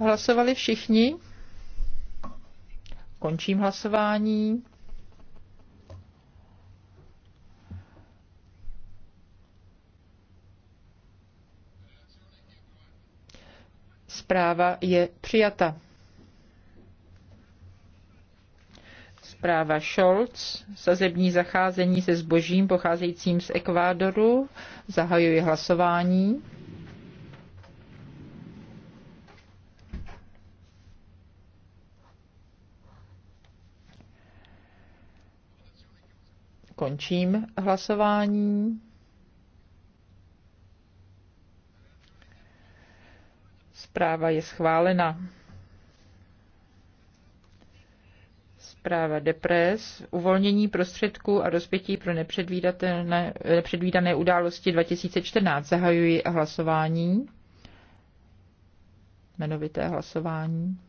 Hlasovali všichni. Končím hlasování. Zpráva je přijata. Zpráva Scholz, sazební zacházení se zbožím pocházejícím z Ekvádoru. zahajuje hlasování. Končím hlasování. Zpráva je schválena. Zpráva Depres, uvolnění prostředků a rozpětí pro nepředvídané události 2014. Zahajuji hlasování. Jmenovité hlasování.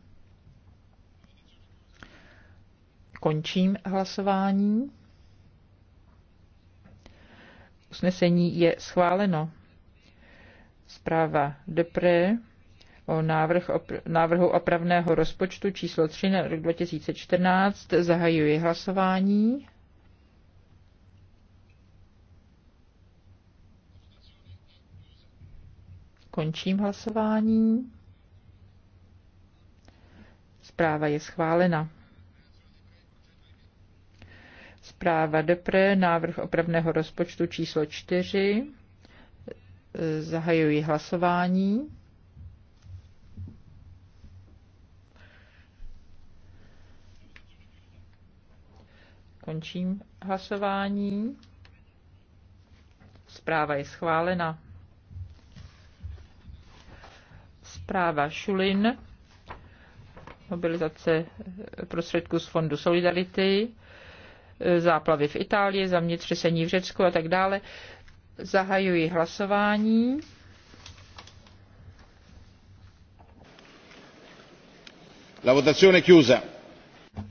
Končím hlasování. Usnesení je schváleno. Zpráva Depré o návrh op- návrhu opravného rozpočtu číslo 3 na rok 2014. zahajuje hlasování. Končím hlasování. Zpráva je schválena. Zpráva Depre, návrh opravného rozpočtu číslo 4. Zahajuji hlasování. Končím hlasování. Zpráva je schválena. Zpráva Šulin, mobilizace prostředků z Fondu Solidarity záplavy v Itálii, zemětřesení v Řecku a tak dále. Zahajuji hlasování. La votazione chiusa.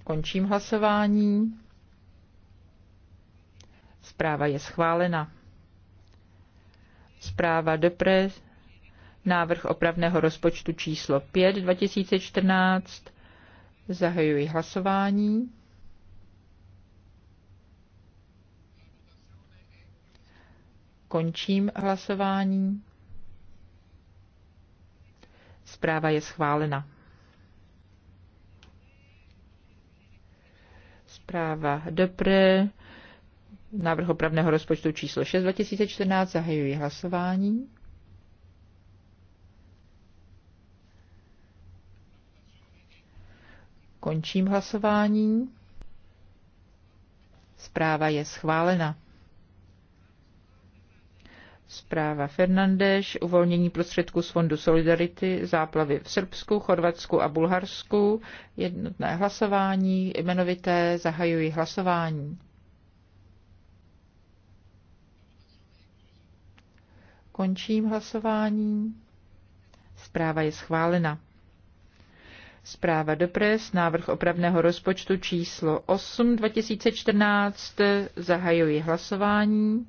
Končím hlasování. Zpráva je schválena. Zpráva Depre, návrh opravného rozpočtu číslo 5 2014. Zahajuji hlasování. Končím hlasování. Zpráva je schválena. Zpráva Depre, návrh opravného rozpočtu číslo 6 2014, zahajuji hlasování. Končím hlasování. Zpráva je schválena. Zpráva Fernandéš, uvolnění prostředků z Fondu Solidarity, záplavy v Srbsku, Chorvatsku a Bulharsku, jednotné hlasování, jmenovité, zahajují hlasování. Končím hlasování. Zpráva je schválena. Zpráva Depres, návrh opravného rozpočtu číslo 8 2014, zahajuji hlasování.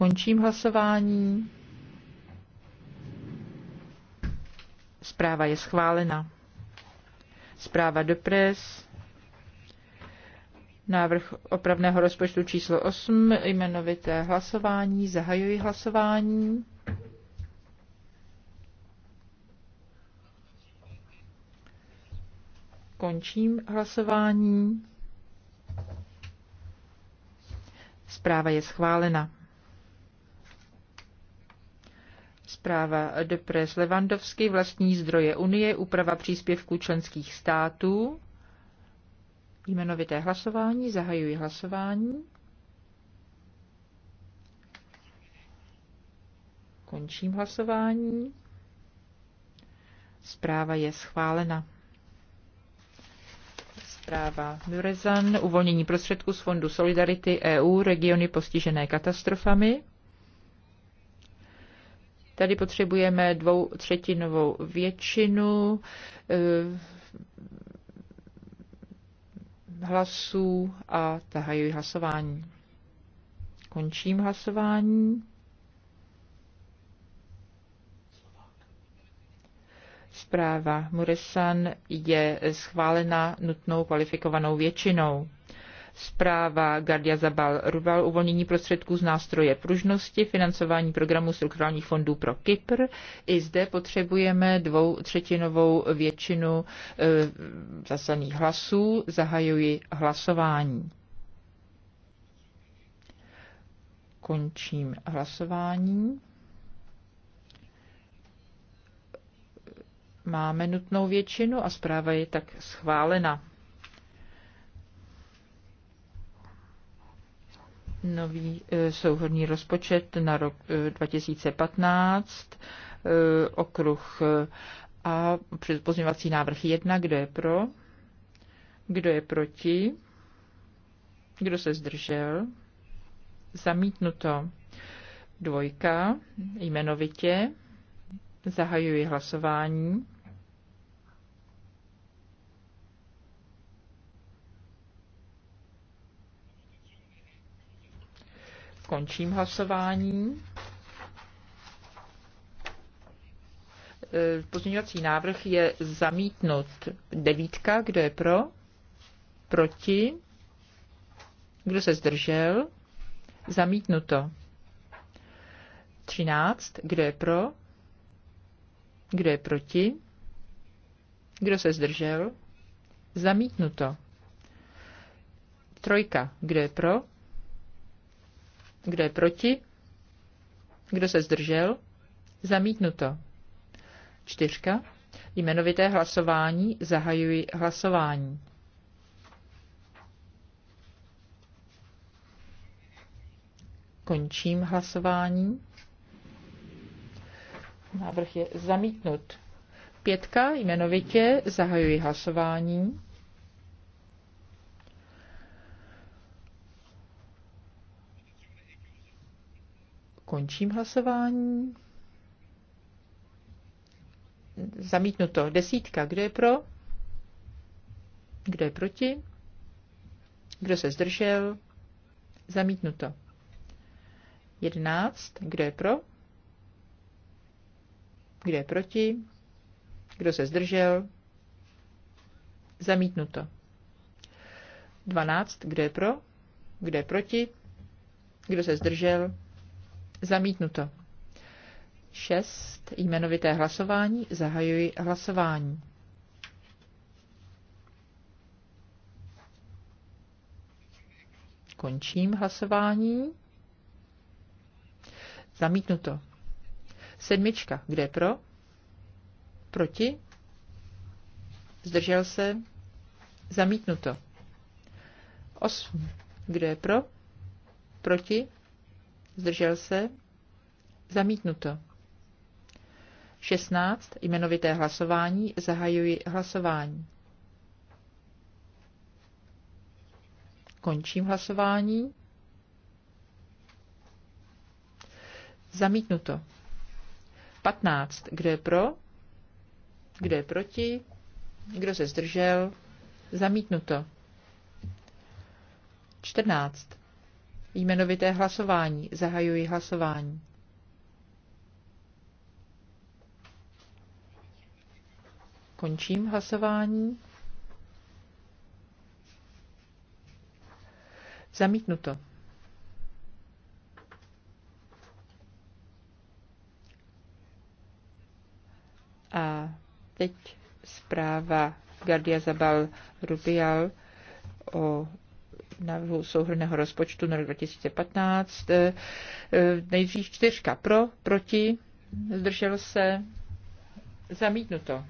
Končím hlasování. Zpráva je schválena. Zpráva do pres. Návrh opravného rozpočtu číslo 8, jmenovité hlasování. Zahajuji hlasování. Končím hlasování. Zpráva je schválena. Zpráva Depres Levandovský, vlastní zdroje Unie, úprava příspěvků členských států. Jmenovité hlasování, zahajuji hlasování. Končím hlasování. Zpráva je schválena. Zpráva Murezan, uvolnění prostředků z Fondu Solidarity EU, regiony postižené katastrofami. Tady potřebujeme dvou třetinovou většinu eh, hlasů a zahajuji hlasování. Končím hlasování. Zpráva Muresan je schválena nutnou kvalifikovanou většinou zpráva Gardia Zabal Ruval, uvolnění prostředků z nástroje pružnosti, financování programu strukturálních fondů pro Kypr. I zde potřebujeme dvou třetinovou většinu e, zasaných hlasů. Zahajuji hlasování. Končím hlasování. Máme nutnou většinu a zpráva je tak schválena. nový eh, souhodný rozpočet na rok 2015, eh, eh, okruh a pozměňovací návrh 1, kdo je pro, kdo je proti, kdo se zdržel, zamítnuto dvojka, jmenovitě, zahajuji hlasování. Končím hlasování. E, pozměňovací návrh je zamítnut. Devítka, kdo je pro? Proti? Kdo se zdržel? Zamítnuto. Třináct, Kdo je pro? Kdo je proti? Kdo se zdržel? Zamítnuto. Trojka. Kdo je pro? Kdo je proti? Kdo se zdržel? Zamítnuto. Čtyřka. Jmenovité hlasování. Zahajuji hlasování. Končím hlasování. Návrh je zamítnut. Pětka jmenovitě zahajuji hlasování. Končím hlasování. Zamítnuto. Desítka. Kdo je pro? Kdo je proti? Kdo se zdržel? Zamítnuto. Jedenáct. Kdo je pro? Kdo je proti? Kdo se zdržel? Zamítnuto. Dvanáct, Kdo je pro? Kdo je proti? Kdo se zdržel? Zamítnuto. 6. Jmenovité hlasování. Zahajuji hlasování. Končím hlasování. Zamítnuto. Sedmička. Kde pro? Proti? Zdržel se? Zamítnuto. Osm. Kde pro? Proti? zdržel se, zamítnuto. 16. Jmenovité hlasování. Zahajuji hlasování. Končím hlasování. Zamítnuto. 15. Kdo je pro? Kdo je proti? Kdo se zdržel? Zamítnuto. 14 jmenovité hlasování. Zahajuji hlasování. Končím hlasování. Zamítnuto. A teď zpráva Gardia Zabal Rubial o návrhu souhrného rozpočtu na rok 2015. Eh, eh, nejdřív čtyřka pro, proti, zdržel se, zamítnuto.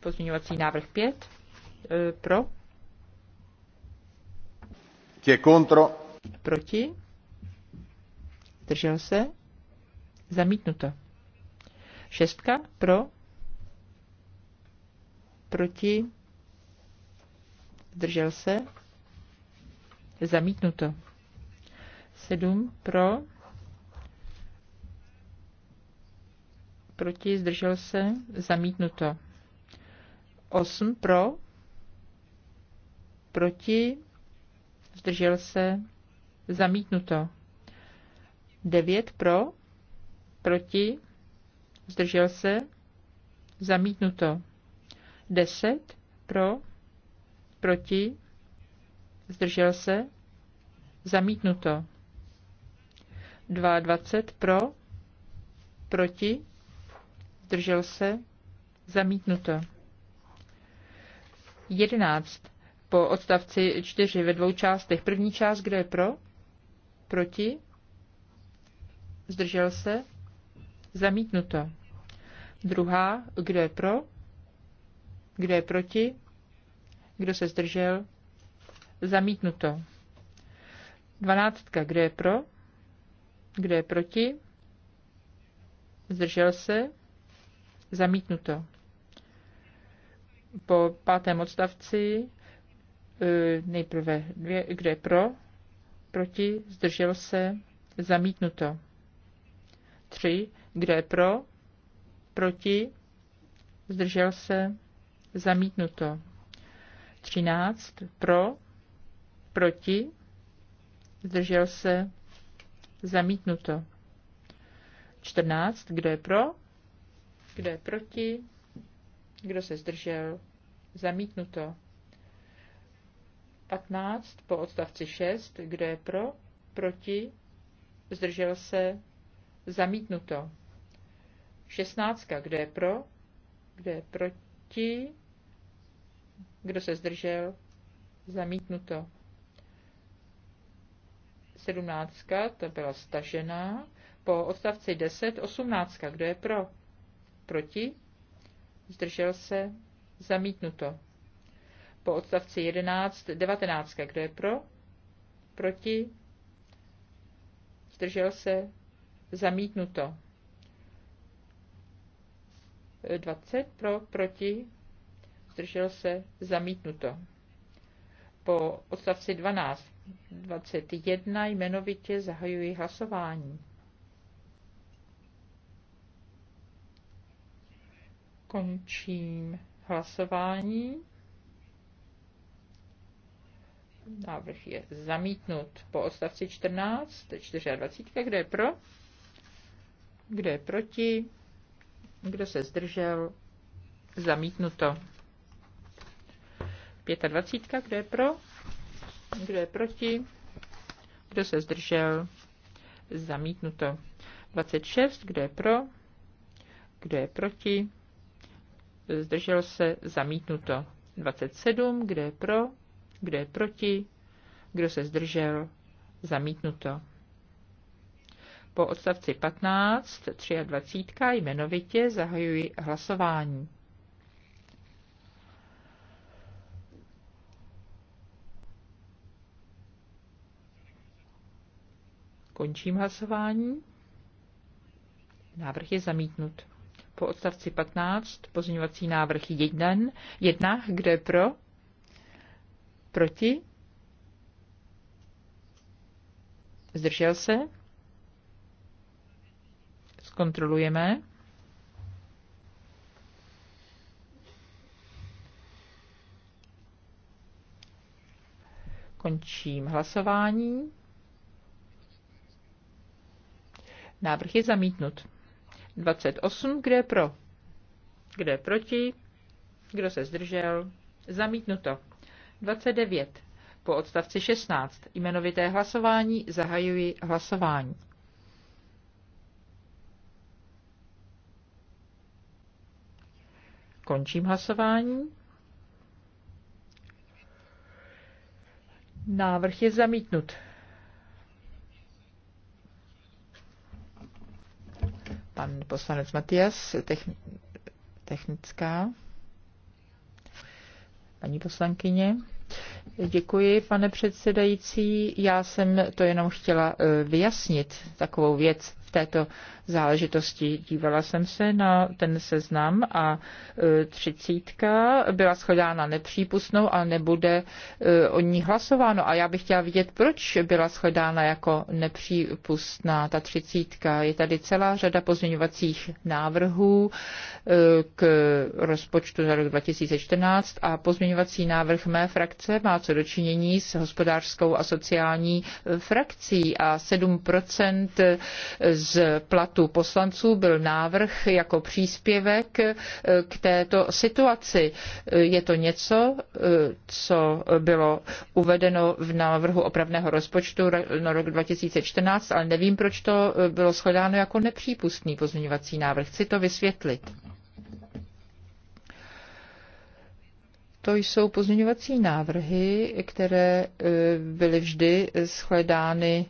Pozměňovací návrh 5 eh, pro. Je kontro. Proti. Zdrželo se. Zamítnuto. Šestka pro. Proti. Zdržel se. Zamítnuto. 7 pro. Proti zdržel se. Zamítnuto. 8 pro. Proti zdržel se. Zamítnuto. 9 pro. Proti zdržel se. Zamítnuto. 10 pro. Proti zdržel se, zamítnuto. 22 pro, proti, zdržel se, zamítnuto. 11. Po odstavci 4 ve dvou částech. První část, kde je pro, proti, zdržel se, zamítnuto. Druhá, kdo je pro, kdo je proti, kdo se zdržel, Zamítnuto. Dvanáctka. Kdo je pro? Kdo je proti? Zdržel se? Zamítnuto. Po pátém odstavci e, nejprve dvě, kdo je pro, proti, zdržel se, zamítnuto. Tři, kdo je pro, proti, zdržel se, zamítnuto. Třináct, pro, proti, zdržel se, zamítnuto. 14, kdo je pro, kdo je proti, kdo se zdržel, zamítnuto. 15 po odstavci 6, kdo je pro, proti, zdržel se, zamítnuto. 16, kdo je pro, kdo je proti, kdo se zdržel, zamítnuto. 17, ta byla stažená. Po odstavci 10, 18, kdo je pro? Proti? Zdržel se? Zamítnuto. Po odstavci 11, 19, kdo je pro? Proti? Zdržel se? Zamítnuto. 20 pro, proti, zdržel se, zamítnuto po odstavci 12, 21 jmenovitě zahajuji hlasování. Končím hlasování. Návrh je zamítnut. Po odstavci 14, 24, kdo je pro? Kdo je proti? Kdo se zdržel? Zamítnuto. 25. Kdo je pro? Kdo je proti? Kdo se zdržel? Zamítnuto. 26. Kdo je pro? Kdo je proti? Zdržel se? Zamítnuto. 27. Kdo je pro? Kdo je proti? Kdo se zdržel? Zamítnuto. Po odstavci 15, 23 jmenovitě zahajuji hlasování. Končím hlasování. Návrh je zamítnut. Po odstavci 15 pozměňovací návrh 1, 1 kde pro, proti, zdržel se, zkontrolujeme. Končím hlasování. Návrh je zamítnut. 28. Kdo je pro? Kdo je proti? Kdo se zdržel? Zamítnuto. 29. Po odstavci 16. Jmenovité hlasování zahajuji hlasování. Končím hlasování. Návrh je zamítnut. Pan poslanec Matias, technická. Paní poslankyně. Děkuji, pane předsedající. Já jsem to jenom chtěla eh, vyjasnit, takovou věc této záležitosti. Dívala jsem se na ten seznam a e, třicítka byla shledána nepřípustnou a nebude e, o ní hlasováno. A já bych chtěla vidět, proč byla shledána jako nepřípustná ta třicítka. Je tady celá řada pozměňovacích návrhů e, k rozpočtu za rok 2014 a pozměňovací návrh mé frakce má co dočinění s hospodářskou a sociální frakcí a 7% z z platu poslanců byl návrh jako příspěvek eh, k této situaci. Eh, je to něco, eh, co bylo uvedeno v návrhu opravného rozpočtu na rok 2014, ale nevím, proč to bylo shledáno jako nepřípustný pozměňovací návrh. Chci to vysvětlit. To jsou pozměňovací návrhy, které e, byly vždy shledány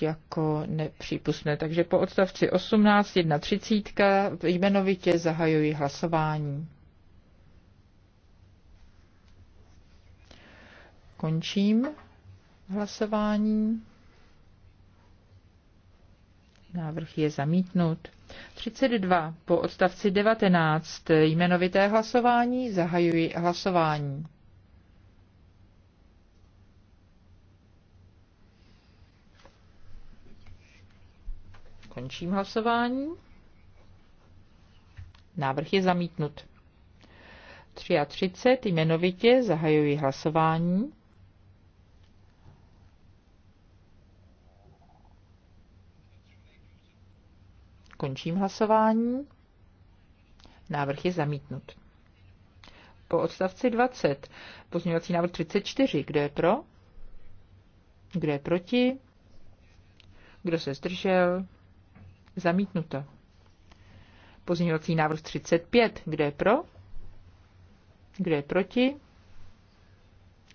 jako nepřípustné. Takže po odstavci 18, 1.30 jmenovitě zahajuji hlasování. Končím hlasování. Návrh je zamítnut. 32 po odstavci 19 jmenovité hlasování zahajuji hlasování. Končím hlasování. Návrh je zamítnut. 33 jmenovitě zahajuji hlasování. Končím hlasování. Návrh je zamítnut. Po odstavci 20 pozměňovací návrh 34. Kdo je pro? Kdo je proti? Kdo se zdržel? Zamítnuto. Pozměňovací návrh 35. Kdo je pro? Kdo je proti?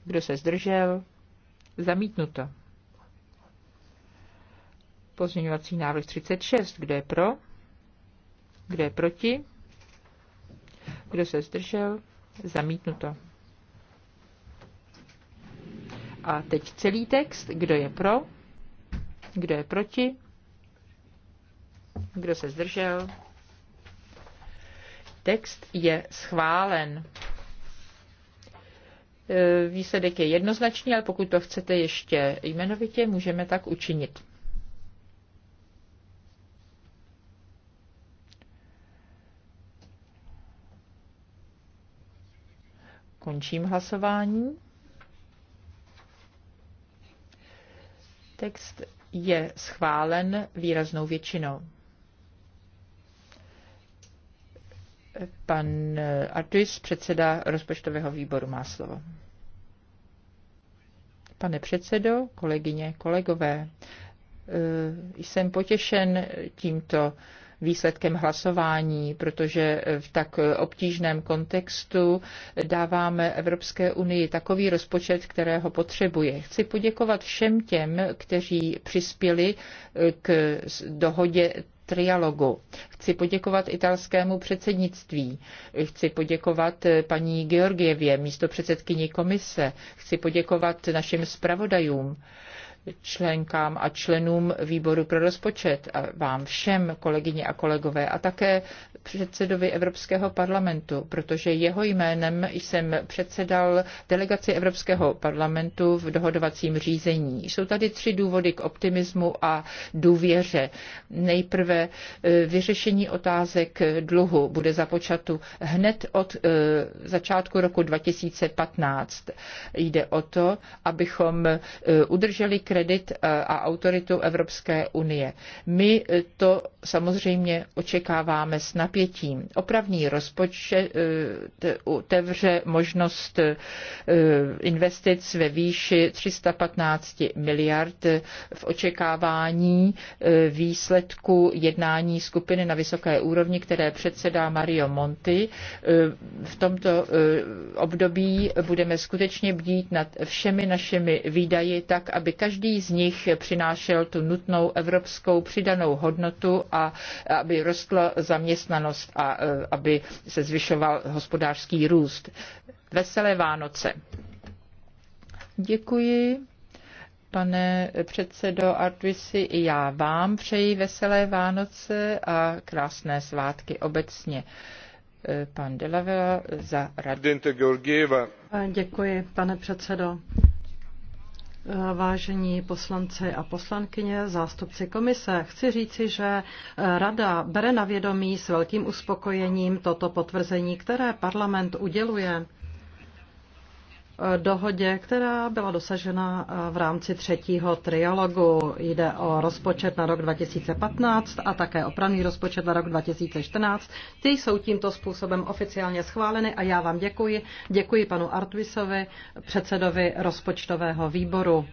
Kdo se zdržel? Zamítnuto. Pozměňovací návrh 36. Kdo je pro? Kdo je proti? Kdo se zdržel? Zamítnuto. A teď celý text. Kdo je pro? Kdo je proti? Kdo se zdržel? Text je schválen. E, výsledek je jednoznačný, ale pokud to chcete ještě jmenovitě, můžeme tak učinit. Končím hlasování. Text je schválen výraznou většinou. Pan Artis, předseda rozpočtového výboru, má slovo. Pane předsedo, kolegyně, kolegové, eh, jsem potěšen tímto výsledkem hlasování, protože v tak obtížném kontextu dáváme Evropské unii takový rozpočet, kterého potřebuje. Chci poděkovat všem těm, kteří přispěli eh, k dohodě trialogu. Chci poděkovat italskému předsednictví, chci poděkovat eh, paní Georgievě, místo předsedkyni komise, chci poděkovat našim zpravodajům členkám a členům výboru pro rozpočet a vám všem, kolegyně a kolegové, a také předsedovi Evropského parlamentu, protože jeho jménem jsem předsedal delegaci Evropského parlamentu v dohodovacím řízení. Jsou tady tři důvody k optimismu a důvěře. Nejprve e, vyřešení otázek dluhu bude započatu hned od e, začátku roku 2015. Jde o to, abychom e, udrželi kredit a autoritu Evropské unie. My to samozřejmě očekáváme snad napětím. Opravný rozpočet eh, otevře možnost eh, investic ve výši 315 miliard eh, v očekávání výsledku jednání skupiny na vysoké úrovni, které předsedá Mario Monti. V tomto období budeme skutečně bdít nad všemi našimi výdaji tak, aby každý z nich přinášel tu nutnou evropskou přidanou hodnotu a aby rostla zaměstnanost zaměstnanost a e, aby se zvyšoval hospodářský růst. Veselé Vánoce. Děkuji. Pane předsedo Artvisi, i já vám přeji veselé Vánoce a krásné svátky obecně. E, pan Delavela za radu. Děkuji, pane předsedo. Vážení poslanci a poslankyně, zástupci komise, chci říci, že eh, Rada bere na vědomí s velkým uspokojením toto potvrzení, které parlament uděluje dohodě, která byla dosažena eh, v rámci třetího trialogu. Jde o rozpočet na rok 2015 a také opravný rozpočet na rok 2014. Ty jsou tímto způsobem oficiálně schváleny a já vám děkuji. Děkuji panu Artvisovi, předsedovi rozpočtového výboru.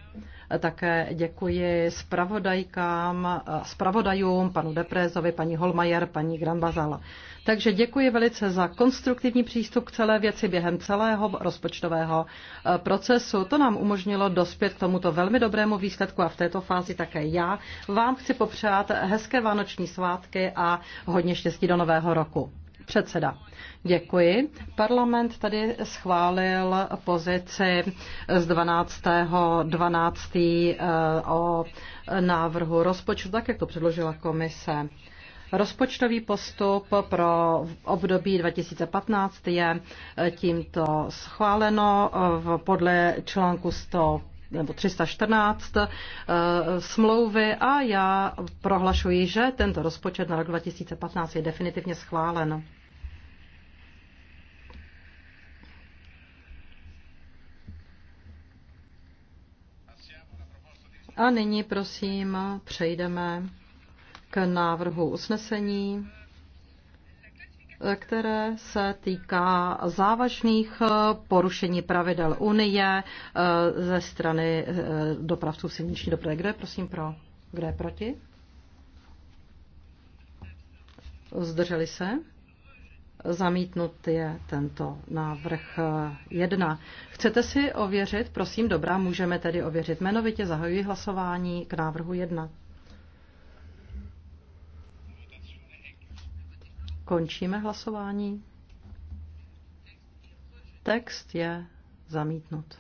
Také děkuji spravodajkám, spravodajům, eh, panu Deprézovi, paní Holmajer, paní Granbazala. Takže děkuji velice za konstruktivní přístup k celé věci během celého rozpočtového eh, procesu. To nám umožnilo dospět k tomuto velmi dobrému výsledku a v této fázi také já vám chci popřát hezké vánoční svátky a hodně štěstí do nového roku. Předseda. Děkuji. Parlament tady schválil pozici z 12. 12. Eh, o návrhu rozpočtu, tak jak to předložila komise. Rozpočtový postup pro období 2015 je eh, tímto schváleno eh, podle článku 100 nebo 314 eh, smlouvy a já prohlašuji, že tento rozpočet na rok 2015 je definitivně schválen. A nyní prosím přejdeme návrhu usnesení, které se týká závažných porušení pravidel Unie eh, ze strany eh, dopravců silniční dopravy. Kdo je prosím pro? Kdo je proti? Zdrželi se? Zamítnut je tento návrh eh, jedna. Chcete si ověřit? Prosím, dobrá, můžeme tedy ověřit. Jmenovitě zahajuji hlasování k návrhu jedna. Končíme hlasování. Text je zamítnut.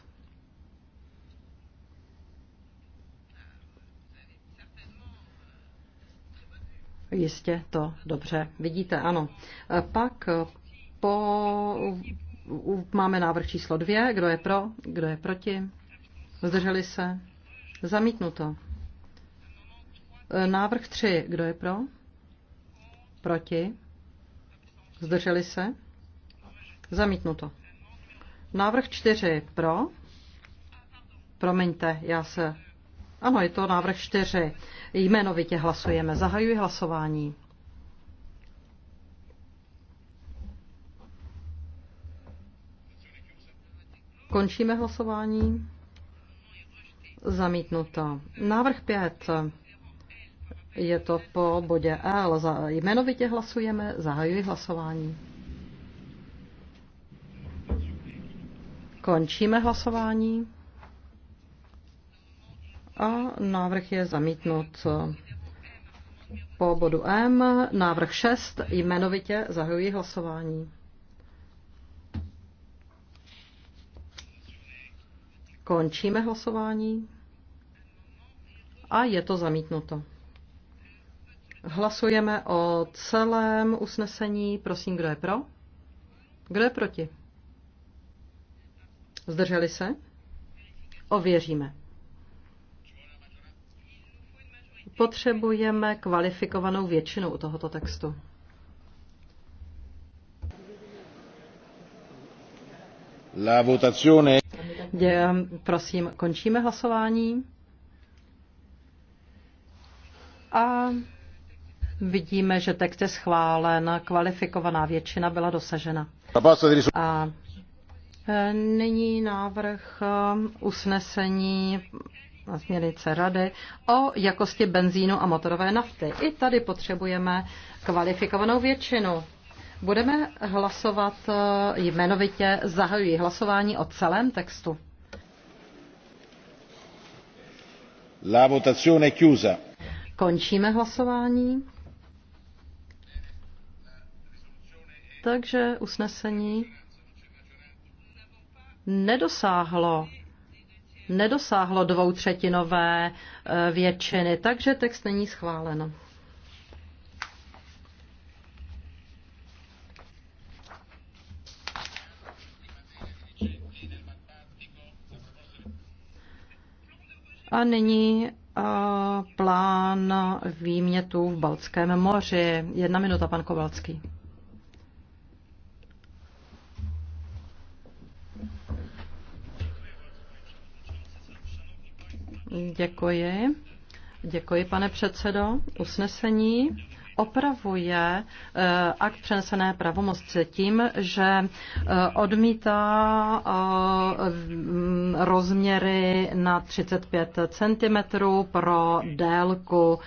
Jistě to dobře vidíte, ano. Pak po, máme návrh číslo dvě. Kdo je pro? Kdo je proti? Zdrželi se? Zamítnuto. Návrh tři. Kdo je pro? Proti? Zdrželi se? Zamítnuto. Návrh 4 pro. Promiňte, já se... Ano, je to návrh 4. Jmenovitě hlasujeme. Zahajuji hlasování. Končíme hlasování. Zamítnuto. Návrh 5. Je to po bodě L. Jmenovitě hlasujeme, zahajuji hlasování. Končíme hlasování. A návrh je zamítnut. Po bodu M, návrh 6, jmenovitě zahajuji hlasování. Končíme hlasování. A je to zamítnuto. Hlasujeme o celém usnesení. Prosím, kdo je pro? Kdo je proti? Zdrželi se? Ověříme. Potřebujeme kvalifikovanou většinu u tohoto textu. La votazione. Je, prosím, končíme hlasování. A Vidíme, že text je schválen, kvalifikovaná většina byla dosažena. A nyní návrh um, usnesení směrnice rady o jakosti benzínu a motorové nafty. I tady potřebujeme kvalifikovanou většinu. Budeme hlasovat uh, jmenovitě, zahajuji hlasování o celém textu. La votazione chiusa. Končíme hlasování. Takže usnesení nedosáhlo nedosáhlo dvoutřetinové eh, většiny, takže text není schválen. A nyní eh, plán výmětů v Baltském moři. Jedna minuta, pan Kovalský. Děkuji. Děkuji, pane předsedo. Usnesení opravuje eh, akt přenesené pravomoci tím, že eh, odmítá eh, rozměry na 35 cm pro délku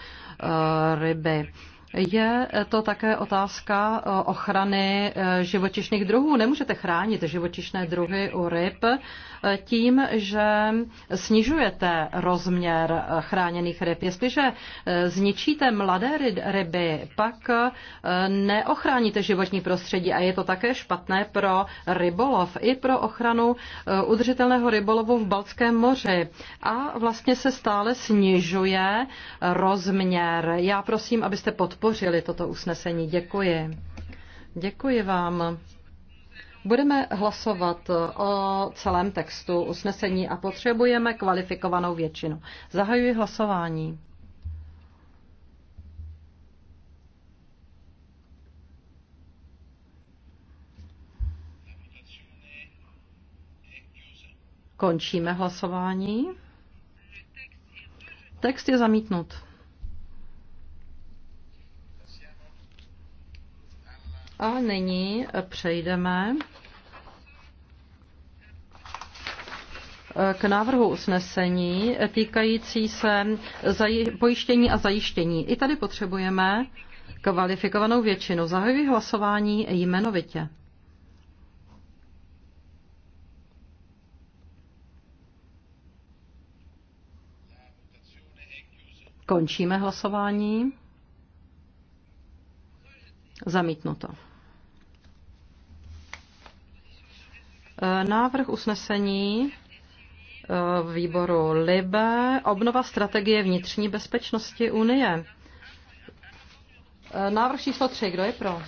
ryby. Je to také otázka eh, ochrany eh, živočišných druhů. Nemůžete chránit živočišné druhy u ryb eh, tím, že snižujete rozměr chráněných ryb. Jestliže zničíte mladé ryby, pak neochráníte životní prostředí a je to také špatné pro rybolov i pro ochranu udržitelného rybolovu v Balckém moři. A vlastně se stále snižuje rozměr. Já prosím, abyste podporovali podpořili toto usnesení. Děkuji. Děkuji vám. Budeme hlasovat o celém textu usnesení a potřebujeme kvalifikovanou většinu. Zahajuji hlasování. Končíme hlasování. Text je zamítnut. A nyní přejdeme k návrhu usnesení týkající se pojištění a zajištění. I tady potřebujeme kvalifikovanou většinu. Zahajuji hlasování jmenovitě. Končíme hlasování. Zamítnuto. Návrh usnesení eh, výboru LIBE, obnova strategie vnitřní bezpečnosti Unie. Eh, návrh číslo 3, kdo je pro?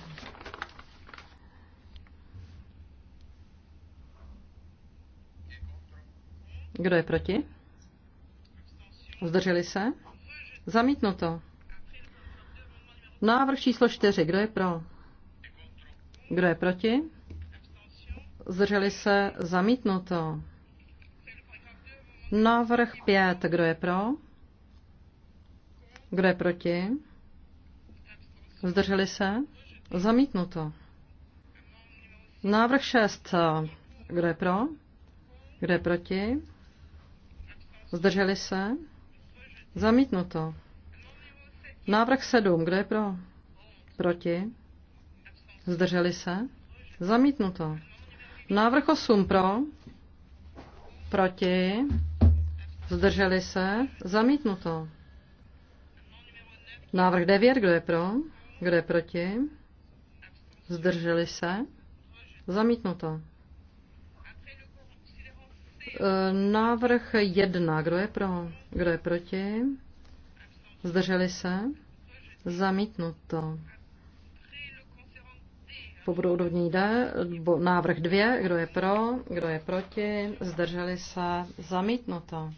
Kdo je proti? Zdrželi se? Zamítnuto. Návrh číslo 4, kdo je pro? Kdo je proti? zdrželi se, zamítnuto. Návrh 5, kdo je pro? Kdo je proti? Zdrželi se? Zamítnuto. Návrh 6. Kdo je pro? Kdo je proti? Zdrželi se? Zamítnuto. Návrh 7. Kdo je pro? Proti? Zdrželi se? Zamítnuto. Návrh 8 pro, proti, zdrželi se, zamítnuto. Návrh 9, kdo je pro, kdo je proti, zdrželi se, zamítnuto. E, návrh 1, kdo je pro, kdo je proti, zdrželi se, zamítnuto. Pokud odhodně jde, návrh dvě, kdo je pro, kdo je proti, zdrželi se, zamítnuto.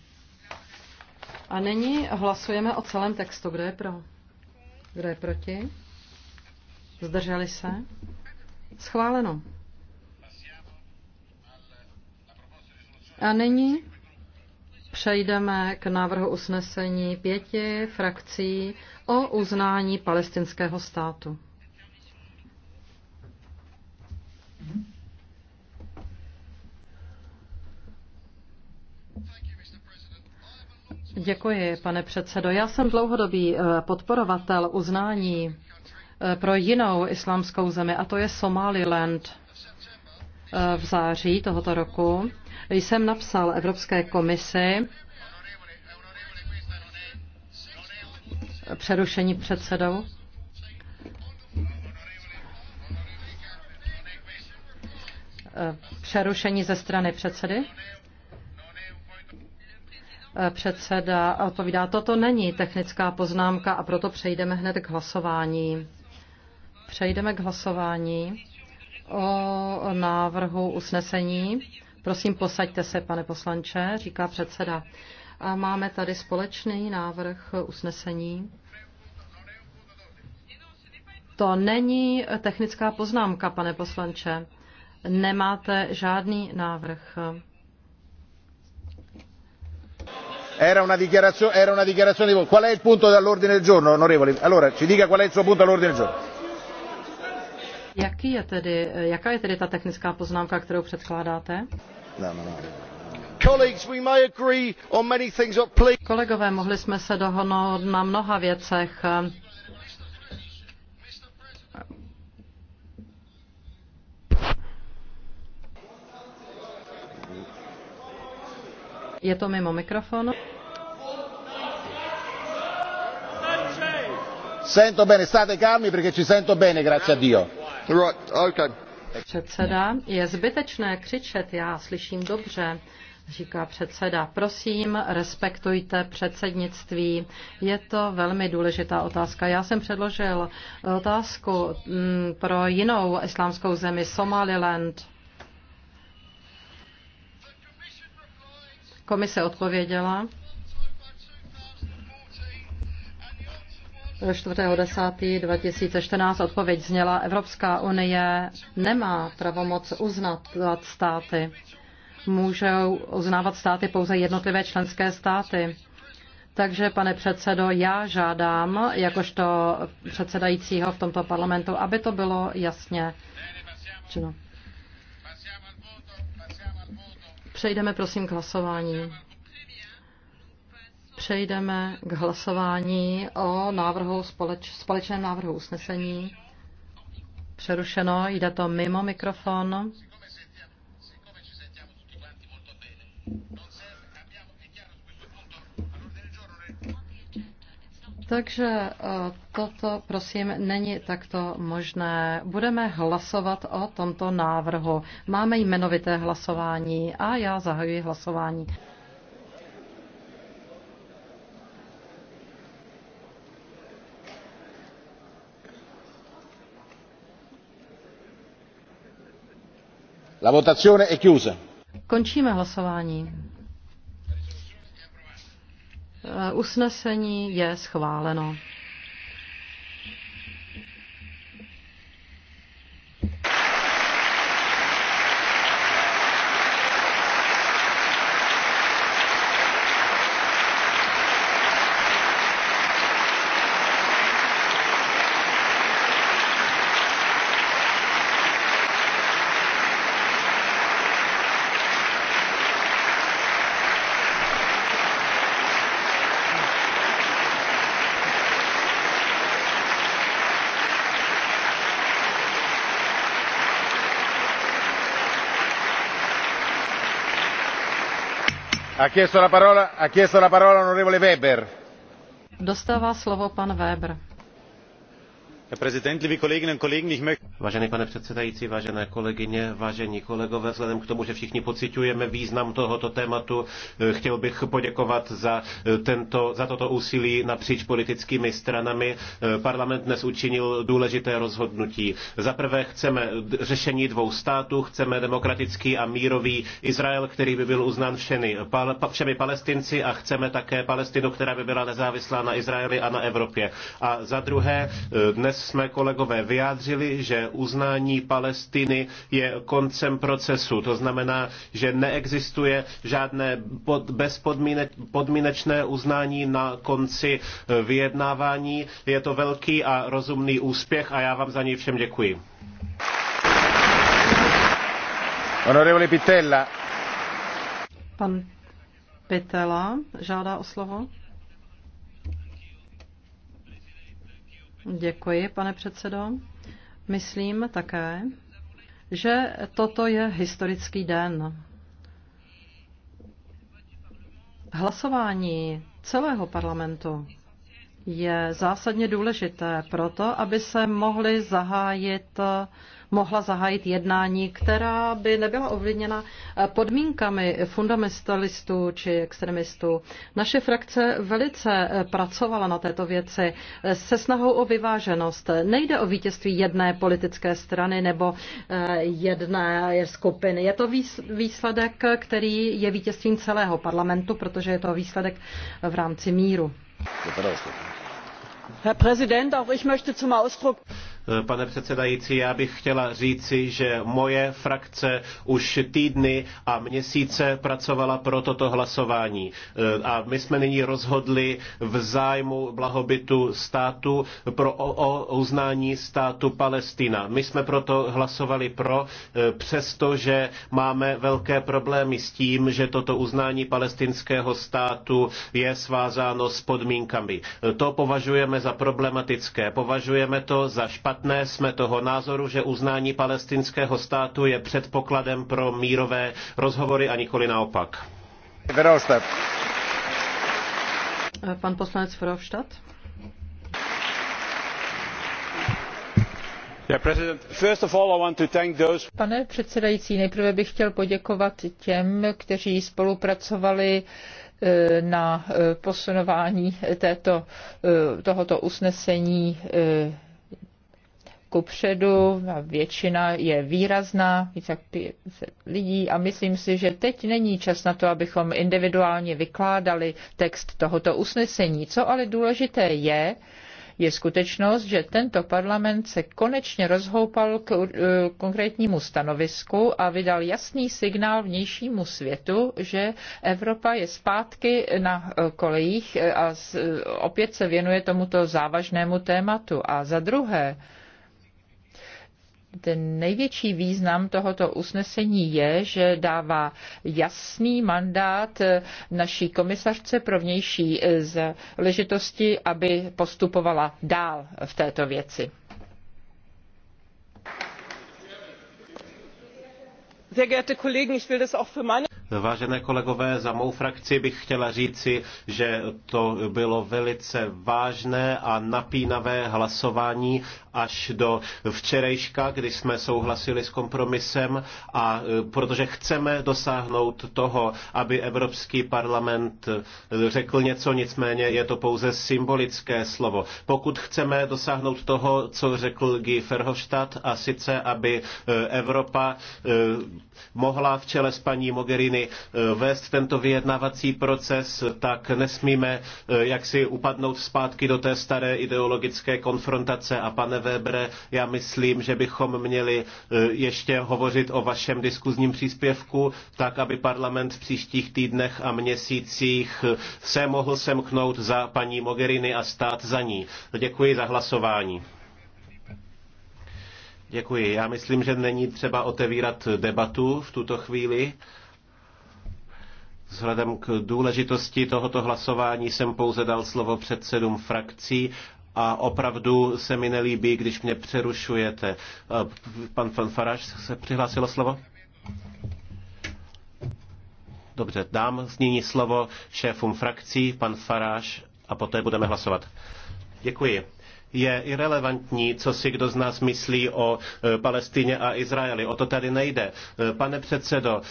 A nyní hlasujeme o celém textu. Kdo je pro? Kdo je proti? Zdrželi se? Schváleno. A nyní přejdeme k návrhu usnesení pěti frakcí o uznání palestinského státu. Děkuji, pane předsedo. Já jsem dlouhodobý eh, podporovatel uznání eh, pro jinou islámskou zemi, a to je Somaliland. Eh, v září tohoto roku jsem napsal Evropské komisi přerušení předsedou. Eh, přerušení ze strany předsedy? Eh, předseda odpovídá, toto není technická poznámka a proto přejdeme hned k hlasování. Přejdeme k hlasování o návrhu usnesení. Prosím, posaďte se, pane poslanče, říká předseda. A máme tady společný návrh usnesení. To není technická poznámka, pane poslanče nemáte žádný návrh. Era una dichiarazione, era una dichiarazione di voto. Qual è il punto dell'ordine del giorno, onorevoli? Allora, ci dica qual è il suo punto all'ordine del giorno. Jaký je tedy, jaká je tedy ta technická poznámka, kterou předkládáte? No, no, no. Kolegové, mohli jsme se dohodnout na mnoha věcech. Je to mimo mikrofon. Sento bene, state calmi perché ci sento bene, grazie a Dio. Right, okay. Předseda, je zbytečné křičet, já slyším dobře říká předseda. Prosím, respektujte předsednictví. Je to velmi důležitá otázka. Já jsem předložil otázku mm, pro jinou islámskou zemi, Somaliland Komise odpověděla 4.10.2014 odpověď zněla, Evropská unie nemá pravomoc uznat státy. Můžou uznávat státy pouze jednotlivé členské státy. Takže, pane předsedo, já žádám, jakožto předsedajícího v tomto parlamentu, aby to bylo jasně. Čino. Přejdeme prosím k hlasování. Přejdeme k hlasování o návrhu společ, společném návrhu usnesení. Přerušeno, jde to mimo mikrofon. Takže eh, toto, prosím, není takto možné. Budeme hlasovat o tomto návrhu. Máme jmenovité hlasování a já zahajuji hlasování. La votazione è chiusa. Končíme hlasování. Eh, usnesení je schváleno. Dostává slovo pan Weber. Vážený pane předsedající, vážené kolegyně, vážení kolegové, vzhledem k tomu, že všichni pociťujeme význam tohoto tématu, eh, chtěl bych poděkovat za, eh, tento, za toto úsilí napříč politickými stranami. Eh, parlament dnes učinil důležité rozhodnutí. Za prvé chceme řešení dvou států, chceme demokratický a mírový Izrael, který by byl uznán všemi, všemi palestinci a chceme také Palestinu, která by byla nezávislá na Izraeli a na Evropě. A za druhé, dnes jsme kolegové vyjádřili, že uznání Palestiny je koncem procesu. To znamená, že neexistuje žádné bezpodmínečné uznání na konci eh, vyjednávání. Je to velký a rozumný úspěch a já vám za něj všem děkuji. Honorevole Pitella. Pan Pitella žádá o slovo. Děkuji, pane předsedo. Myslím také, že toto je historický den. Hlasování celého parlamentu je zásadně důležité proto, aby se mohly zahájit mohla zahájit jednání, která by nebyla ovlivněna eh, podmínkami fundamentalistů či extremistů. Naše frakce velice eh, pracovala na této věci eh, se snahou o vyváženost. Nejde o vítězství jedné politické strany nebo jedné skupiny. Je to výsledek, který je vítězstvím celého parlamentu, protože je to výsledek v rámci míru. herr präsident! auch ich möchte zum ausdruck Eh, pane předsedající, já bych chtěla říci, že moje frakce už týdny a měsíce pracovala pro toto hlasování. Eh, a my jsme nyní rozhodli v zájmu blahobytu státu pro o, uznání státu Palestina. My jsme proto hlasovali pro, eh, přestože máme velké problémy s tím, že toto uznání palestinského státu je svázáno s podmínkami. To považujeme za problematické. Považujeme to za špatné špatné. Jsme toho názoru, že uznání palestinského státu je předpokladem pro mírové rozhovory a nikoli naopak. Verhofstadt. Pan poslanec Verhofstadt. Pane předsedající, nejprve bych chtěl poděkovat těm, kteří spolupracovali eh, na eh, posunování této, eh, tohoto usnesení ku předu, a většina je výrazná, více jak 500 lidí a myslím si, že teď není čas na to, abychom individuálně vykládali text tohoto usnesení. Co ale důležité je, je skutečnost, že tento parlament se konečně rozhoupal k uh, konkrétnímu stanovisku a vydal jasný signál vnějšímu světu, že Evropa je zpátky na uh, kolejích uh, a opět se věnuje tomuto závažnému tématu. A za druhé, ten největší význam tohoto usnesení je, že dává jasný mandát naší komisařce pro vnější eh, záležitosti, aby postupovala dál v této věci. Sehr geehrte Kollegen, ich will das auch für meine Vážené kolegové, za mou frakci bych chtěla říci, že to bylo velice vážné a napínavé hlasování až do včerejška, kdy jsme souhlasili s kompromisem a e, protože chceme dosáhnout toho, aby Evropský parlament e, řekl něco, nicméně je to pouze symbolické slovo. Pokud chceme dosáhnout toho, co řekl Guy Verhofstadt a sice, aby e, Evropa mohla v čele s paní Mogherini Eh, vést tento vyjednávací proces, tak nesmíme eh, jaksi upadnout zpátky do té staré ideologické konfrontace. A pane Webere, já myslím, že bychom měli eh, ještě hovořit o vašem diskuzním příspěvku, tak aby parlament v příštích týdnech a měsících se mohl semknout za paní Mogherini a stát za ní. Děkuji za hlasování. Děkuji. Já myslím, že není třeba otevírat debatu v tuto chvíli. Vzhledem k důležitosti tohoto hlasování jsem pouze dal slovo předsedům frakcí a opravdu se mi nelíbí, když mě přerušujete. Eh, pan Van Faraš se přihlásilo slovo? Dobře, dám nyní slovo šéfům frakcí, pan Faráš, a poté budeme hlasovat. Děkuji je irrelevantní, co si kdo z nás myslí o e, Palestině a Izraeli. O to tady nejde. E, pane předsedo,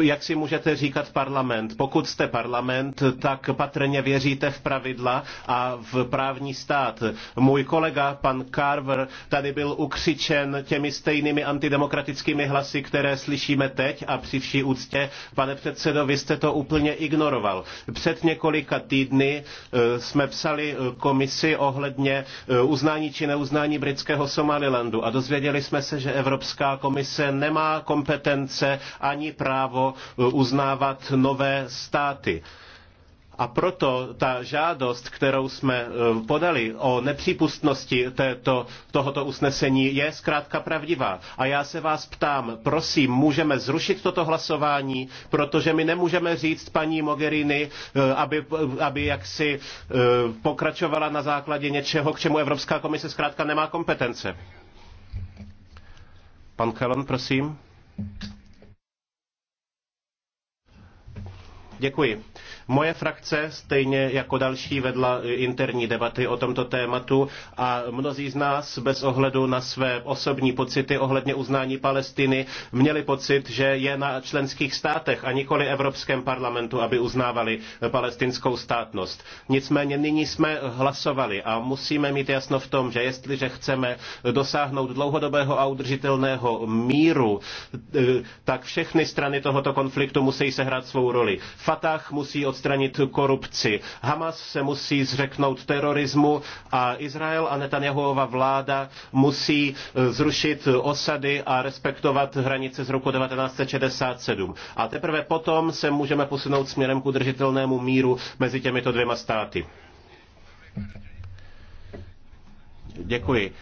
e, jak si můžete říkat parlament? Pokud jste parlament, tak patrně věříte v pravidla a v právní stát. Můj kolega, pan Carver, tady byl ukřičen těmi stejnými antidemokratickými hlasy, které slyšíme teď a při vší úctě, pane předsedo, vy jste to úplně ignoroval. Před několika týdny jsme psali komisi ohledně Eh, uznání či neuznání britského Somalilandu a dozvěděli jsme se, že Evropská komise nemá kompetence ani právo eh, uznávat nové státy. A proto ta žádost, kterou jsme e, podali o nepřípustnosti této, tohoto usnesení, je zkrátka pravdivá. A já se vás ptám, prosím, můžeme zrušit toto hlasování, protože my nemůžeme říct paní Mogherini, e, aby, aby jaksi e, pokračovala na základě něčeho, k čemu Evropská komise zkrátka nemá kompetence. Pan Kelon, prosím. Děkuji. Moje frakce, stejně jako další, vedla interní debaty o tomto tématu a mnozí z nás bez ohledu na své osobní pocity ohledně uznání Palestiny měli pocit, že je na členských státech a nikoli Evropském parlamentu, aby uznávali palestinskou státnost. Nicméně nyní jsme hlasovali a musíme mít jasno v tom, že jestliže chceme dosáhnout dlouhodobého a udržitelného míru, tak všechny strany tohoto konfliktu musí sehrát svou roli. Fatah musí od odstranit korupci. Hamas se musí zřeknout terorismu a Izrael a Netanyahuova vláda musí eh, zrušit osady a respektovat hranice z roku 1967. A teprve potom se můžeme posunout směrem k udržitelnému míru mezi těmito dvěma státy. Děkuji.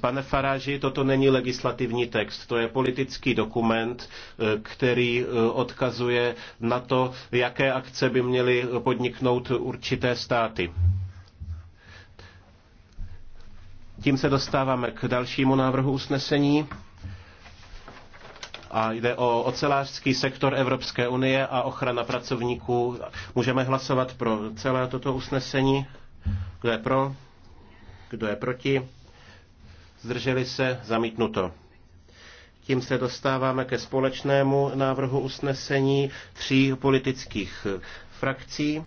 Pane Faráži, toto není legislativní text, to je politický dokument, eh, který eh, odkazuje na to, jaké akce by měly podniknout určité státy. Tím se dostáváme k dalšímu návrhu usnesení. A jde o ocelářský sektor Evropské unie a ochrana pracovníků. Můžeme hlasovat pro celé toto usnesení. Kdo je pro? Kdo je proti? zdrželi se, zamítnuto. Tím se dostáváme ke společnému návrhu usnesení tří politických eh, frakcí.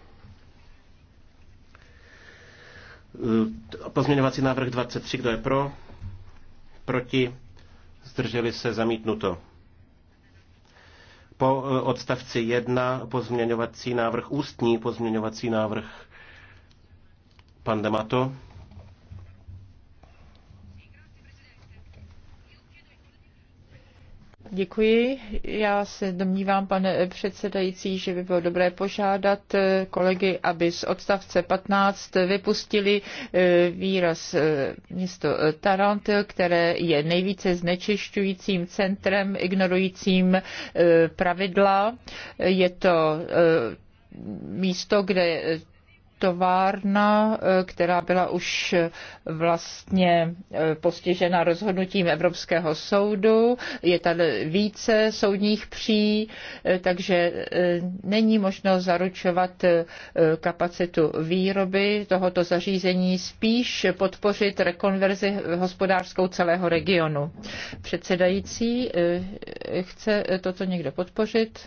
Eh, pozměňovací návrh 23, kdo je pro? Proti? Zdrželi se zamítnuto. Po eh, odstavci 1 pozměňovací návrh, ústní pozměňovací návrh pan Demato. Děkuji. Já se domnívám, pane předsedající, že by bylo dobré požádat eh, kolegy, aby z odstavce 15 vypustili eh, výraz eh, město Tarant, které je nejvíce znečišťujícím centrem, ignorujícím pravidla. Je to místo, kde továrna, eh, která byla už eh, vlastně eh, postižena rozhodnutím Evropského soudu. Je tady více soudních pří, takže není možno zaručovat kapacitu výroby tohoto zařízení, spíš podpořit rekonverzi hospodářskou celého regionu. Předsedající, chce toto někdo podpořit?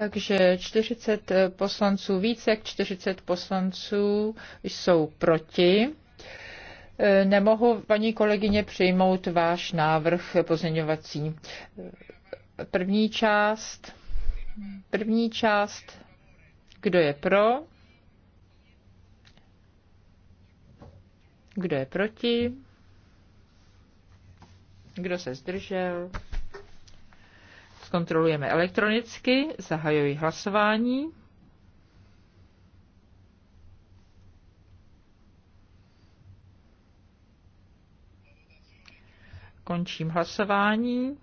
Takže 40 poslanců, více jak 40 poslanců jsou proti. E, nemohu, paní kolegyně, přijmout váš návrh pozměňovací. E, první část, první část, kdo je pro? Kdo je proti? Kdo se zdržel? zkontrolujeme elektronicky, zahajuji hlasování. Končím hlasování.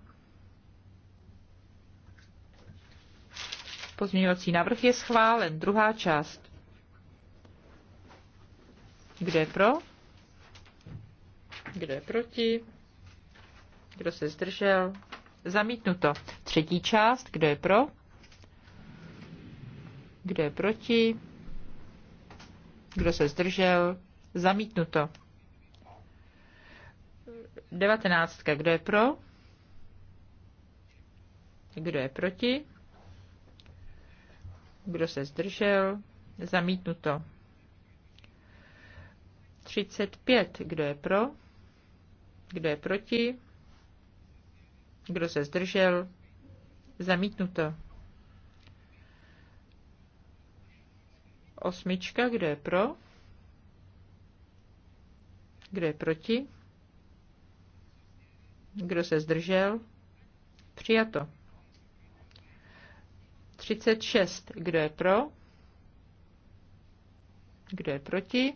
Pozměňovací návrh je schválen. Druhá část. Kdo je pro? Kdo je proti? Kdo se zdržel? Zamítnuto třetí část. Kdo je pro? Kdo je proti? Kdo se zdržel? Zamítnuto. Devatenáctka. Kdo je pro? Kdo je proti? Kdo se zdržel? Zamítnuto. 35. Kdo je pro? Kdo je proti? Kdo se zdržel? Zamítnuto. Osmička, kdo je pro? Kdo je proti? Kdo se zdržel? Přijato. 36. Kdo je pro? Kdo je proti?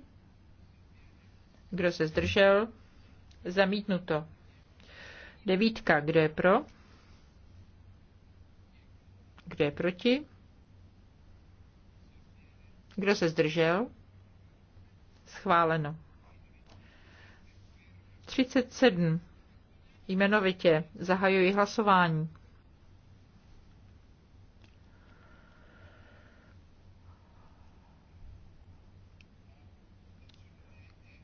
Kdo se zdržel? Zamítnuto. Devítka. Kdo je pro? Kdo je proti? Kdo se zdržel? Schváleno. 37. Jmenovitě zahajuji hlasování.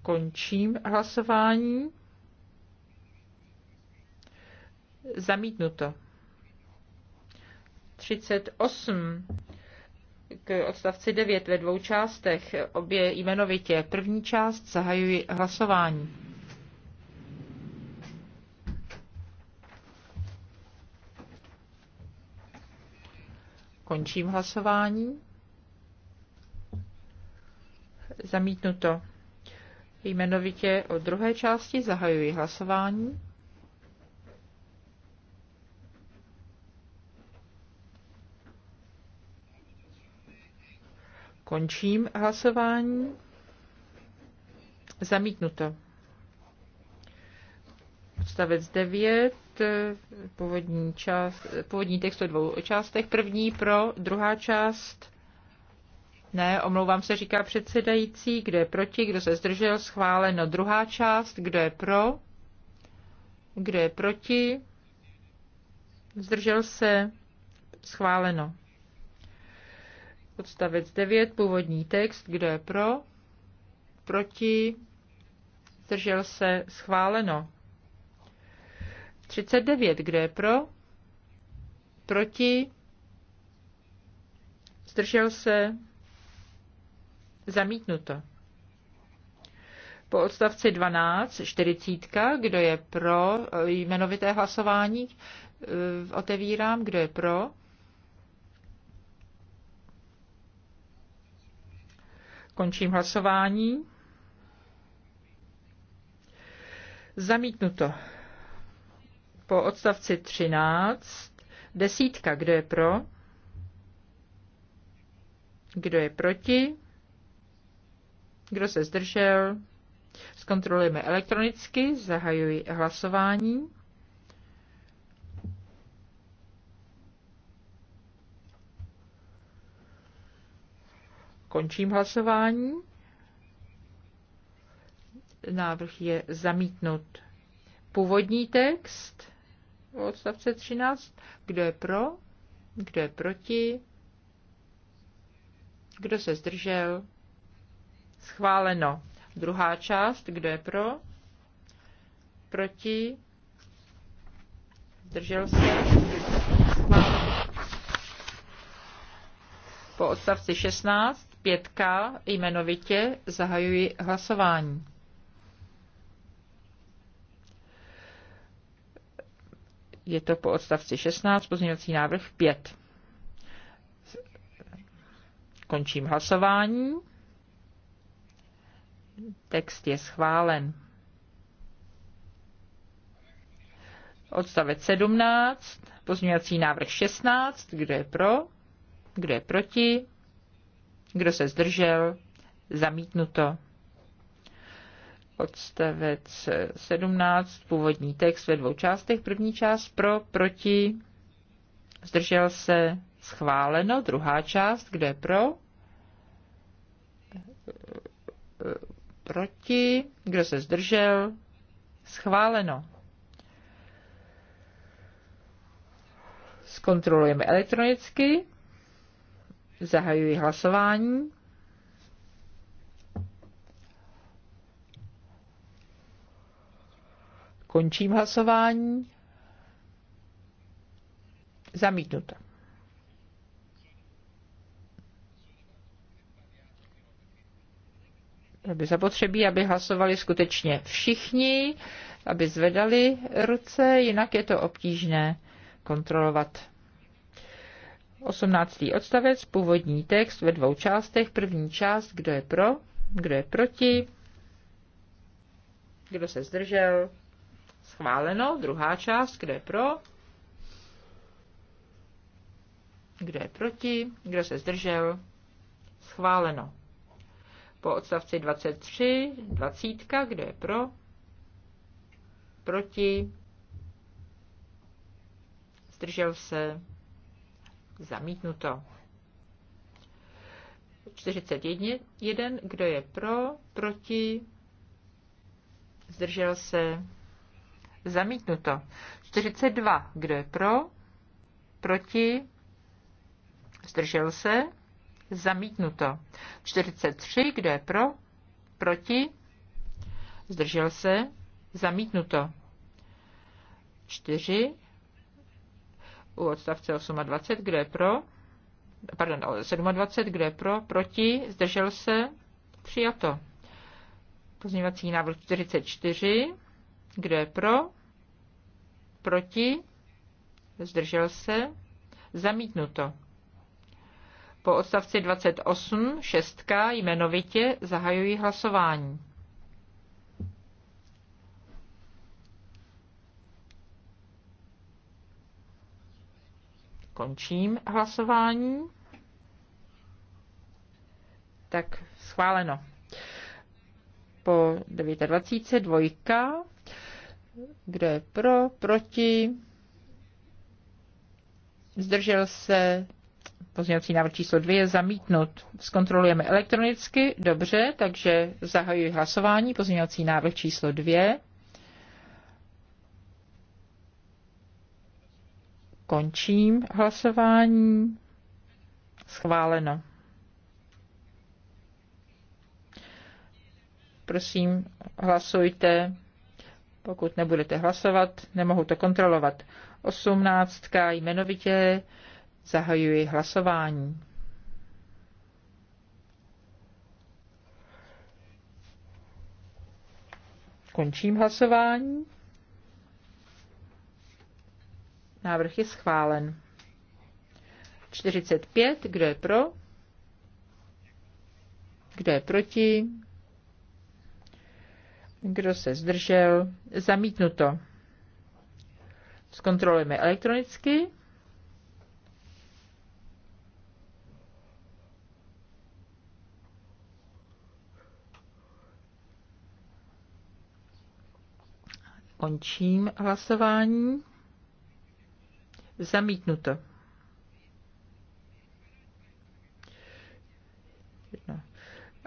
Končím hlasování. Zamítnuto. 38 k odstavci 9 ve dvou částech, obě jmenovitě. První část zahajuji hlasování. Končím hlasování. Zamítnuto. Jmenovitě o druhé části zahajuji hlasování. Končím hlasování. Zamítnuto. Odstavec 9, původní, část, původní text o dvou částech. První pro, druhá část. Ne, omlouvám se, říká předsedající. Kdo je proti, kdo se zdržel, schváleno. Druhá část, kdo je pro, kdo je proti, zdržel se, schváleno. Odstavec 9, původní text, kdo je pro, proti, zdržel se, schváleno. 39, kdo je pro, proti, zdržel se, zamítnuto. Po odstavci 12, 40, kdo je pro jmenovité hlasování, otevírám, kdo je pro, Končím hlasování. Zamítnuto. Po odstavci 13. Desítka, kdo je pro? Kdo je proti? Kdo se zdržel? Zkontrolujeme elektronicky, zahajuji hlasování. Končím hlasování. Návrh je zamítnut. Původní text odstavce 13. Kdo je pro? Kdo je proti? Kdo se zdržel? Schváleno. Druhá část. Kdo je pro? Proti? Zdržel se? Schváleno. Po odstavci 16 5K jmenovitě zahajuji hlasování. Je to po odstavci 16, pozměňovací návrh 5. Končím hlasování. Text je schválen. Odstavec 17, pozměňovací návrh 16, kdo je pro, kdo je proti, kdo se zdržel? Zamítnuto. Odstavec 17, původní text ve dvou částech. První část pro, proti, zdržel se, schváleno. Druhá část, kde pro, proti, kdo se zdržel, schváleno. Zkontrolujeme elektronicky. Zahajuji hlasování. Končím hlasování. Zamítnuto. By zapotřebí, aby hlasovali skutečně všichni, aby zvedali ruce, jinak je to obtížné kontrolovat. 18. odstavec, původní text ve dvou částech. První část, kdo je pro, kdo je proti, kdo se zdržel, schváleno. Druhá část, kdo je pro, kdo je proti, kdo se zdržel, schváleno. Po odstavci 23, 20, kdo je pro, proti, zdržel se, Zamítnuto. 41. Jeden, kdo je pro, proti, zdržel se, zamítnuto. 42. Kdo je pro, proti, zdržel se, zamítnuto. 43. Kdo je pro, proti, zdržel se, zamítnuto. 4 u odstavce 28, kdo je pro, pardon, 27, kdo je pro, proti, zdržel se, přijato. Pozměňovací návrh 44, kdo je pro, proti, zdržel se, zamítnuto. Po odstavci 28, šestka, jmenovitě zahajuji hlasování. Končím hlasování. Tak schváleno. Po 29. dvojka. Kdo je pro, proti? Zdržel se. Pozměňovací návrh číslo 2 je zamítnut. Zkontrolujeme elektronicky. Dobře, takže zahajuji hlasování. Pozměňovací návrh číslo 2. Končím hlasování. Schváleno. Prosím, hlasujte. Pokud nebudete hlasovat, nemohu to kontrolovat. Osmnáctka jmenovitě zahajuji hlasování. Končím hlasování. Návrh je schválen. 45. Kdo je pro? Kdo je proti? Kdo se zdržel? Zamítnuto. Zkontrolujeme elektronicky. Končím hlasování. Zamítnuto.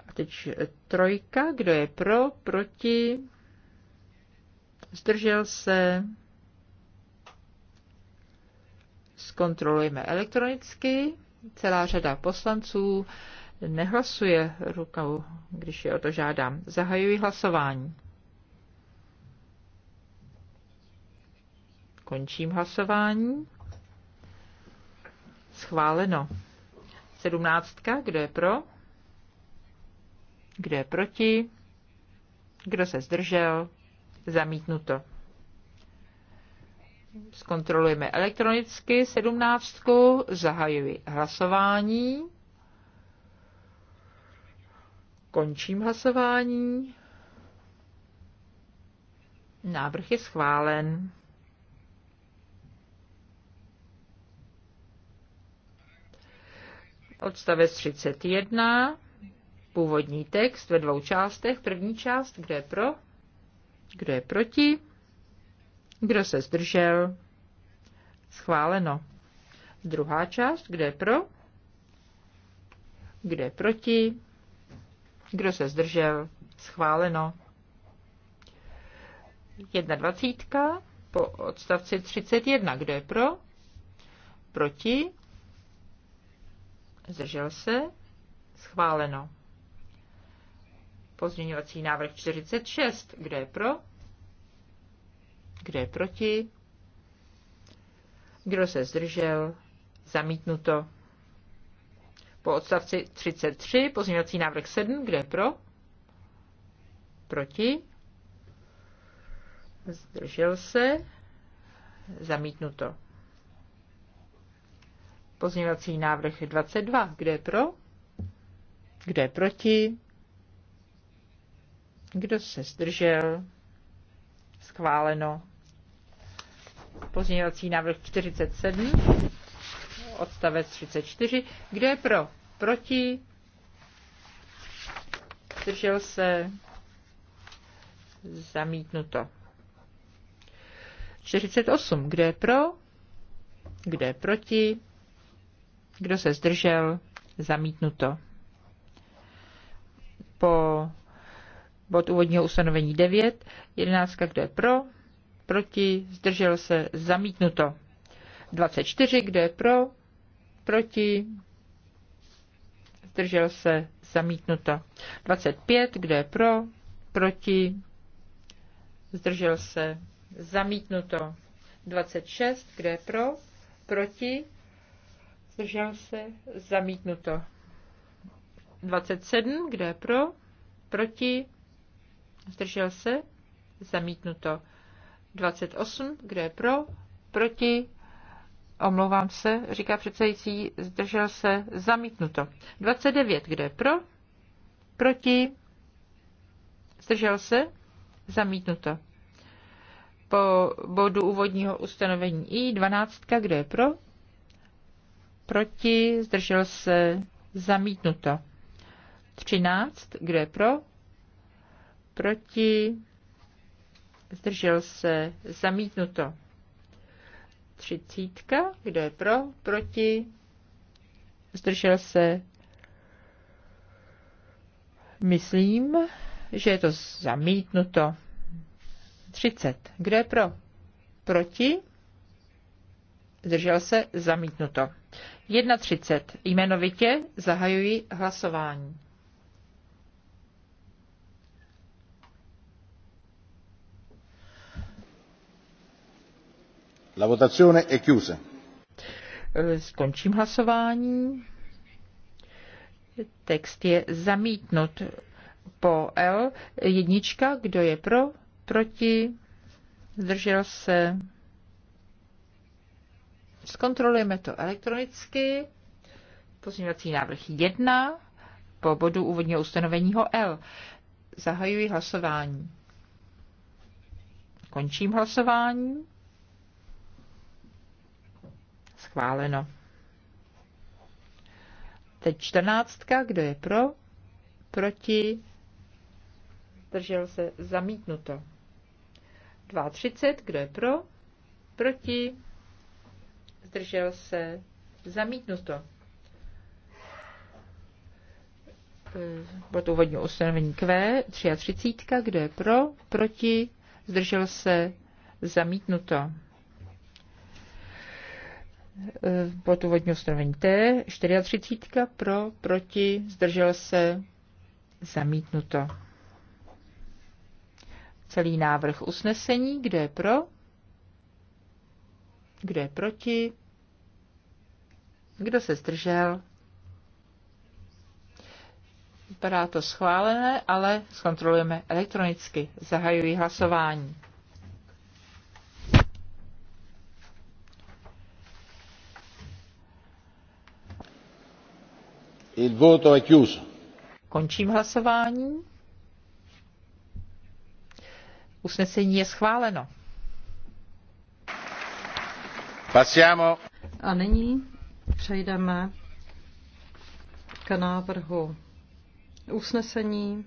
A teď trojka, kdo je pro, proti, zdržel se, zkontrolujeme elektronicky, celá řada poslanců nehlasuje rukou, když je o to žádám. Zahajuji hlasování. Končím hlasování. Schváleno. Sedmnáctka, kdo je pro? Kdo je proti? Kdo se zdržel? Zamítnuto. Zkontrolujeme elektronicky sedmnáctku, zahajuji hlasování, končím hlasování, návrh je schválen. Odstavec 31, původní text ve dvou částech. První část, kdo je pro, kdo je proti, kdo se zdržel, schváleno. Druhá část, kdo je pro, kdo je proti, kdo se zdržel, schváleno. 21. Po odstavci 31. Kdo je pro? Proti? Zdržel se? Schváleno. Pozměňovací návrh 46. Kdo je pro? Kdo je proti? Kdo se zdržel? Zamítnuto. Po odstavci 33 pozměňovací návrh 7. Kdo je pro? Proti? Zdržel se? Zamítnuto. Pozměňovací návrh 22. Kdo je pro? Kdo je proti? Kdo se zdržel? Schváleno. Pozměňovací návrh 47, odstavec 34. Kdo je pro? Proti? Zdržel se? Zamítnuto. 48. Kdo je pro? Kdo je proti? Kdo se zdržel? Zamítnuto. Po bod úvodního ustanovení 9, 11, kdo je pro, proti, zdržel se, zamítnuto. 24, kdo je pro, proti, zdržel se, zamítnuto. 25, kdo je pro, proti, zdržel se, zamítnuto. 26, kdo je pro, proti, zdržel se, zamítnuto. 27, kdo je pro, proti, zdržel se, zamítnuto. 28, kdo je pro, proti, omlouvám se, říká předsedající, zdržel se, zamítnuto. 29, kdo je pro, proti, zdržel se, zamítnuto. Po bodu úvodního ustanovení I, 12, kdo je pro, proti, zdržel se, zamítnuto. 13, kdo je pro, proti, zdržel se, zamítnuto. 30, kdo je pro, proti, zdržel se, myslím, že je to zamítnuto. 30, kdo je pro, proti, zdržel se, zamítnuto. 31. Jmenovitě zahajuji hlasování. La votazione è chiusa. Eh, skončím hlasování. Text je zamítnut po L. Jednička, kdo je pro, proti, zdržel se. Zkontrolujeme to elektronicky. Pozměňovací návrh 1 po bodu úvodního ustanoveního L. Zahajuji hlasování. Končím hlasování. Schváleno. Teď čtrnáctka, kdo je pro, proti, držel se zamítnuto. 2.30, kdo je pro, proti, zdržel se, zamítnuto. Bylo to úvodní ustanovení Q, 33, kdo je pro, proti, zdržel se, zamítnuto. Bylo to úvodní ustanovení T, 34, pro, proti, zdržel se, zamítnuto. Celý návrh usnesení, kdo je pro, kdo je proti, kdo se zdržel? Vypadá to schválené, ale zkontrolujeme elektronicky. Zahajuji hlasování. Il voto è chiuso. Končím hlasování. Usnesení je schváleno. Passiamo. A nyní přejdeme k návrhu usnesení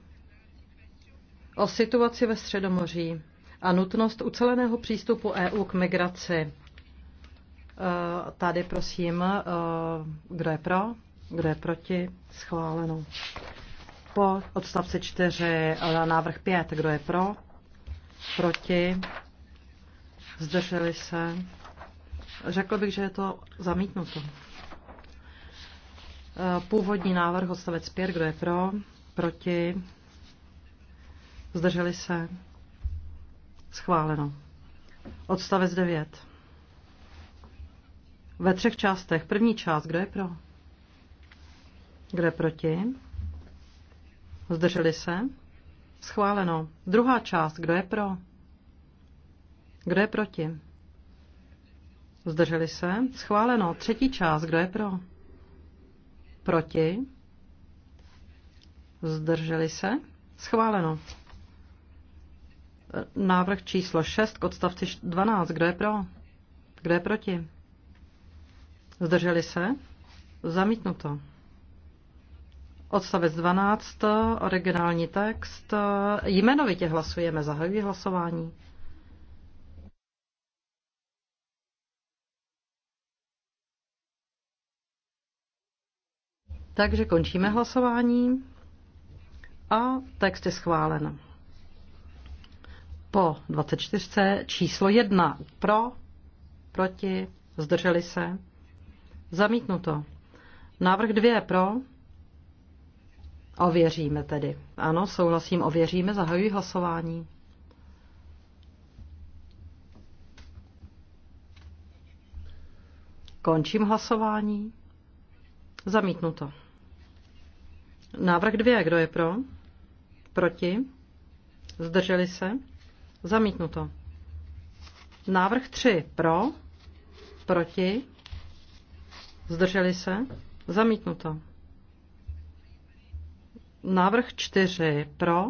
o situaci ve Středomoří a nutnost uceleného přístupu EU k migraci. E, tady prosím, e, kdo je pro, kdo je proti, schváleno. Po odstavci 4 e, návrh 5, kdo je pro, proti, zdrželi se. Řekl bych, že je to zamítnuto. Eh, původní návrh odstavec 5, kdo je pro, proti, zdrželi se, schváleno. Odstavec 9. Ve třech částech. První část, kdo je pro? Kdo je proti? Zdrželi se? Schváleno. Druhá část, kdo je pro? Kdo je proti? Zdrželi se? Schváleno. Třetí část, kdo je pro? Proti? Zdrželi se? Schváleno. Návrh číslo 6 k odstavci 12. Kdo je pro? Kdo je proti? Zdrželi se? Zamítnuto. Odstavec 12, originální text. Jmenovitě hlasujeme. Zahajuji hlasování. Takže končíme hlasování a text je schválen. Po 24. číslo 1 pro, proti, zdrželi se, zamítnuto. Návrh 2 pro, ověříme tedy. Ano, souhlasím, ověříme, zahajuji hlasování. Končím hlasování. Zamítnuto. Návrh dvě, kdo je pro? Proti? Zdrželi se? Zamítnuto. Návrh tři, pro? Proti? Zdrželi se? Zamítnuto. Návrh čtyři, pro?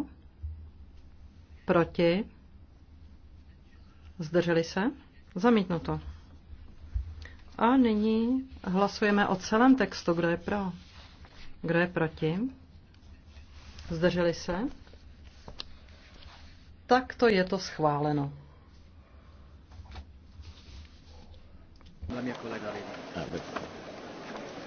Proti? Zdrželi se? Zamítnuto. A nyní hlasujeme o celém textu, kdo je pro. Kdo je proti? Zdrželi se? Tak to je to schváleno. Na mě, kolega. Reda.